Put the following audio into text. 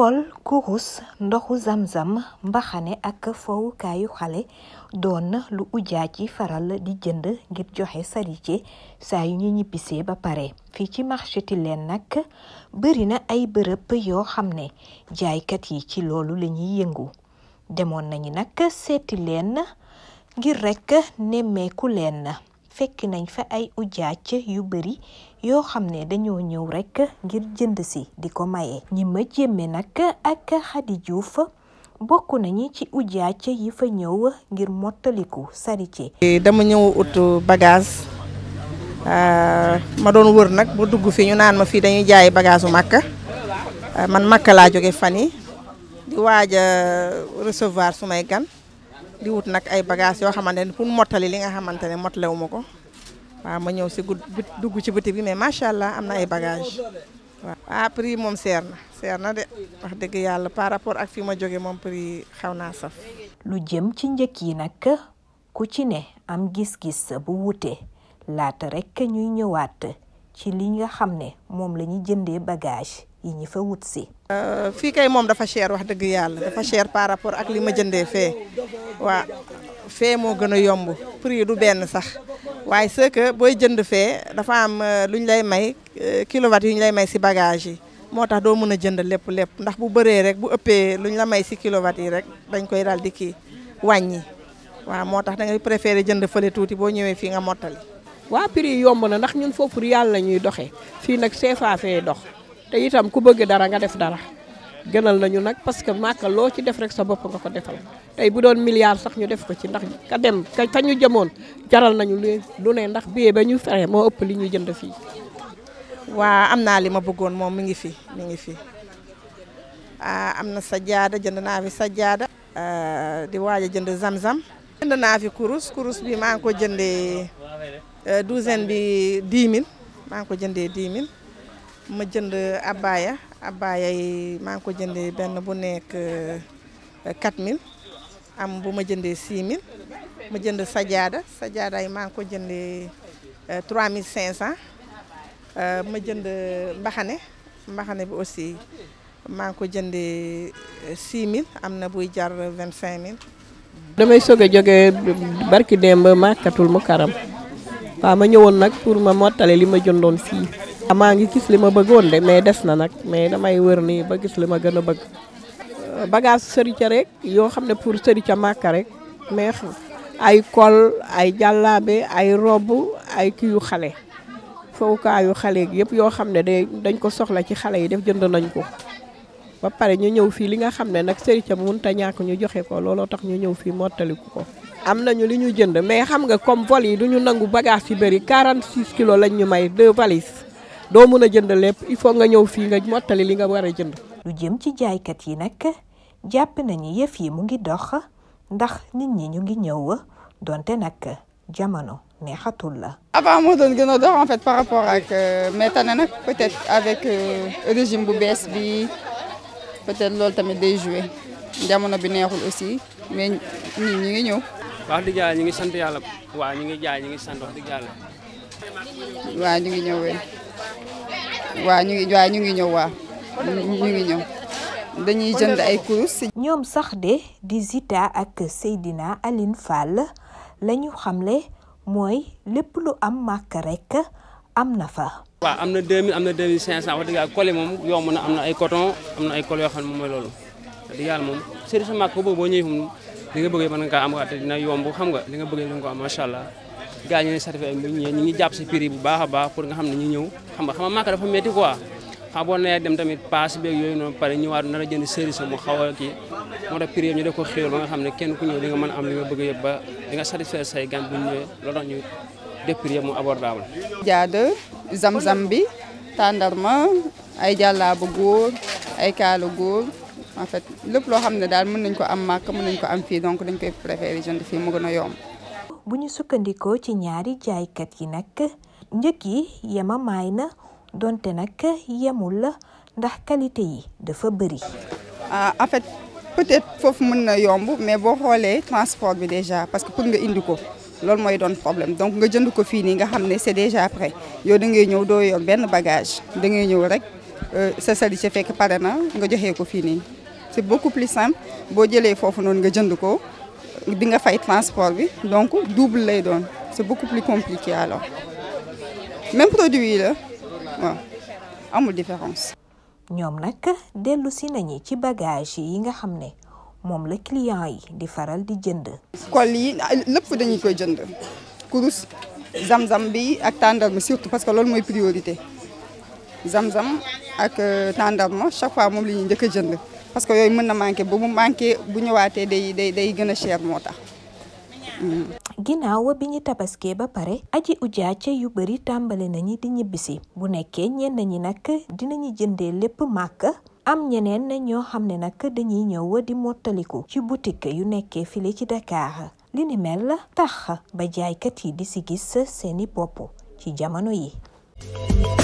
kool kurus ndoxu zamzam mbaxane ak fowukaayu xale doon na lu ujaa ci faral di jënd ngir joxe sarice saa yu ñu ñibbisee ba pare fii ci marché leen nag bëri ay bërëb yoo xam ne jaaykat yi ci loolu lañuy yëngu demoon nañu nag seeti leen ngir rekk nemmeeku leen fekk nañ fa ay ujaac yu bari yoo xam ne dañoo ñëw rekk ngir jënd si di ko maye. ñi ma jëmme nag ak Khady fa bokk nañu ci ujaac yi fa ñëw ngir mottaliku sarité. Eh, dama ñëw ut bagage ah, ma doon wër nag bu dugg fi ñu naan ma fii dañuy jaay bagage u Makka ah, man Makka laa jóge fan yi di waaj a recevoir sumay gan. di wut nag ay bagages yoo xamante ne pour mottali li nga xamante ne mottalewu ma ko waaw ma ñëw si gudd dugg ci biti bi mais macha allah am na ay bagage waaw. Ah, prix moom seer na seer na de wax dëgg yàlla par rapport ak fi ma jóge moom prix xaw naa saf. lu jëm ci njëkk yi nag ku ci ne am gis-gis bu wute laata rek ñuy ñëwaat ci li nga xam ne moom la ñuy jëndee bagage yi ñi fa wut si. Euh, fii kay moom dafa cher wax dëgg yàlla dafa cher par rapport ak li ma jëndee fee waa fee moo gën a yomb prix du benn sax waaye c'est que booy jënd fee dafa am euh, lu ñu lay may euh, kilowatt yi ñu lay may si bagage yi moo tax doo mën a jënd lépp lépp ndax bu bëree rek bu ëppee lu ñu la may si kilowatt yi rek dañ koy daal di kii wàññi waaw moo tax da ngay préféré jënd fële tuuti boo ñëwee fii nga mottali. waa prix yomb na ndax ñun foofu yàlla la ñuy doxee fii nag CFA fee dox. te itam ku bëgg dara nga def dara gënal nañu nag parce que màkka loo ci def rek sa bopp nga ko defal tey bu doon milliard sax ñu def ko ci ndax ka dem ka fa ñu jëmoon jaral nañu lu ne ndax billet ba ñu fere moo ëpp li ñuy jënd fii. waa am naa li ma bëggoon moom mi ngi fi mi ngi fi ah, am na sajaada jënd naa fi sajaada ah, di waaj a jënd zam-zam. jënd naa fi kurus kurus bi maa ngi ko jëndee eh, douzaine bi 10 000 maa ngi ko jëndee 10 000. ma jënd abaya abaya yi maa ngi ko jëndee benn bu nekk 4000 euh, am bu ma jëndee 6000 ma jënd sajaada sajaada yi maa ngi ko jëndee 3500 euh, euh, ma jënd mbaxane mbaxane bi aussi maa ngi ko jëndee 6000 am na buy jar 25000. damay soog a jógee barki démb màkkatul mu karam waaw ma ñëwoon nag pour ma mottale li ma jëndoon fii. maa ngi gis li ma bëggoon de mais des na nag mais damay wër ni ba gis li ma gën a bëgg bagage sëricë rek yoo xam ne pour sëricë màkk rek mais ay kol ay jàllaabe ay robb ay kiyu xale foo kaa yu xale yëpp yoo xam ne day dañ ko soxla ci xale yi def jënd nañ ko ba pare ñu ñëw fii li nga xam ne nag sëricë bu munta ñàkk ñu joxe ko looloo tax ñu ñëw fii mottaliku ko am nañu li ñu jënd mais xam nga comme vol yi du ñu nangu bagage yu bëri 46 kilo lañ ñu may deux valises doo mën a jënd lépp il faut nga ñëw fii nga mottali li nga war a jënd. lu jëm ci jaaykat yi nag jàpp nañu yëf yi mu ngi dox ndax nit ñi ñu ngi ñëw donte nag jamono neexatul la. avant moo doon gën a dox en fait par rapport ak euh, mais tane nag peut avec euh, régime bu bees bi peut-être loolu tamit de joué jamono bi neexul aussi mais nit ñi ñu ngi ñëw. wax di yàlla ñu ngi sant yàlla waaw ñu ngi jaay ñu ngi sant wax dëgg ñu ngi ñëw waaw ñu ngi waaw ñu ngi ñëw waa ñu ngi ñëw dañuy jënd ay kurus. ñoom sax de di Zita ak Seydina Aline Fall la ñu xamle mooy lépp lu am màkk rek am na fa. waaw am na 2000 am na 2500 wax dëgg yàlla collé moom yomb na am na ay coton am na ay collé yoo xam ne moom mooy loolu wax dëgg yàlla moom service màkk boobu boo ñëwee moom li nga bëggee mën nga kaa am waat dina yomb xam nga li nga bëggee li nga ko am macha allah. gaa ñoo certifié bu ñëwee ñu ngi jàpp si prix bu a baax pour nga xam ne ñu ñëw xam nga xam nga màkk dafa métti quoi xam boo nee dem tamit a jënd service mu xaw a kii def ko xéwal ba nga xam ne kenn di nga mën a am li nga bëgg yëpp ba di nga satisfaire say gan bu ñëwee loolu ñu def prix mu abordable. jaada zam tàndarma ay jàllaaba góor ay kaala góor. en fait lépp loo xam ne daal mën nañ ko am màkk mën nañ ko am fii donc dañ koy préféré jënd fii mu gën a yomb bunyi sukan di ko cinyari jai kat kinaka. Njaki, ia mamai na, don tenaka ia mula dah kali tei, de feberi. Uh, ah, afet, pete fof mun na yombo, me bo hole transport bi deja, paske pun nga induko. Lol moy don problem. Donc nga jëndu ko fi ni nga xamné c'est déjà prêt. Yo da ngay ñëw do yor ben bagage. Da ngay ñëw rek euh sa sali ci fekk parena nga joxé ko fi ni. C'est beaucoup plus simple bo jëlé fofu non nga jënd ko. bi nga fay transport bi donc double lay doon c'est beaucoup plus compliqué alors même produit là, la amul différence. ñom nak delu ci nañu ci bagage yi nga xamné mom le client yi di faral di jënd. col yi lépp dañuy koy jënd kurus zamzam bi ak tandal surtout parce que loolu moy priorité. zam-zam ak euh, tàndarma chaque fois moom la ñuy njëkk a jënd parce que yooyu mën na manqué ba mu manqué bu ñëwaatee day day day gën a cher moo tax. Mm. ginnaaw bi ñu tabaskee ba pare aji ujaace yu bëri tàmbali nañu di ñibbisi bu nekkee ñenn ñi nag dinañu jëndee lépp màkk am ñeneen ñoo xam ne nag dañuy ñëw di mottaliku ci boutique yu nekkee file ci Dakar li ni mel tax ba jaaykat yi di si gis seeni popp ci jamono yi.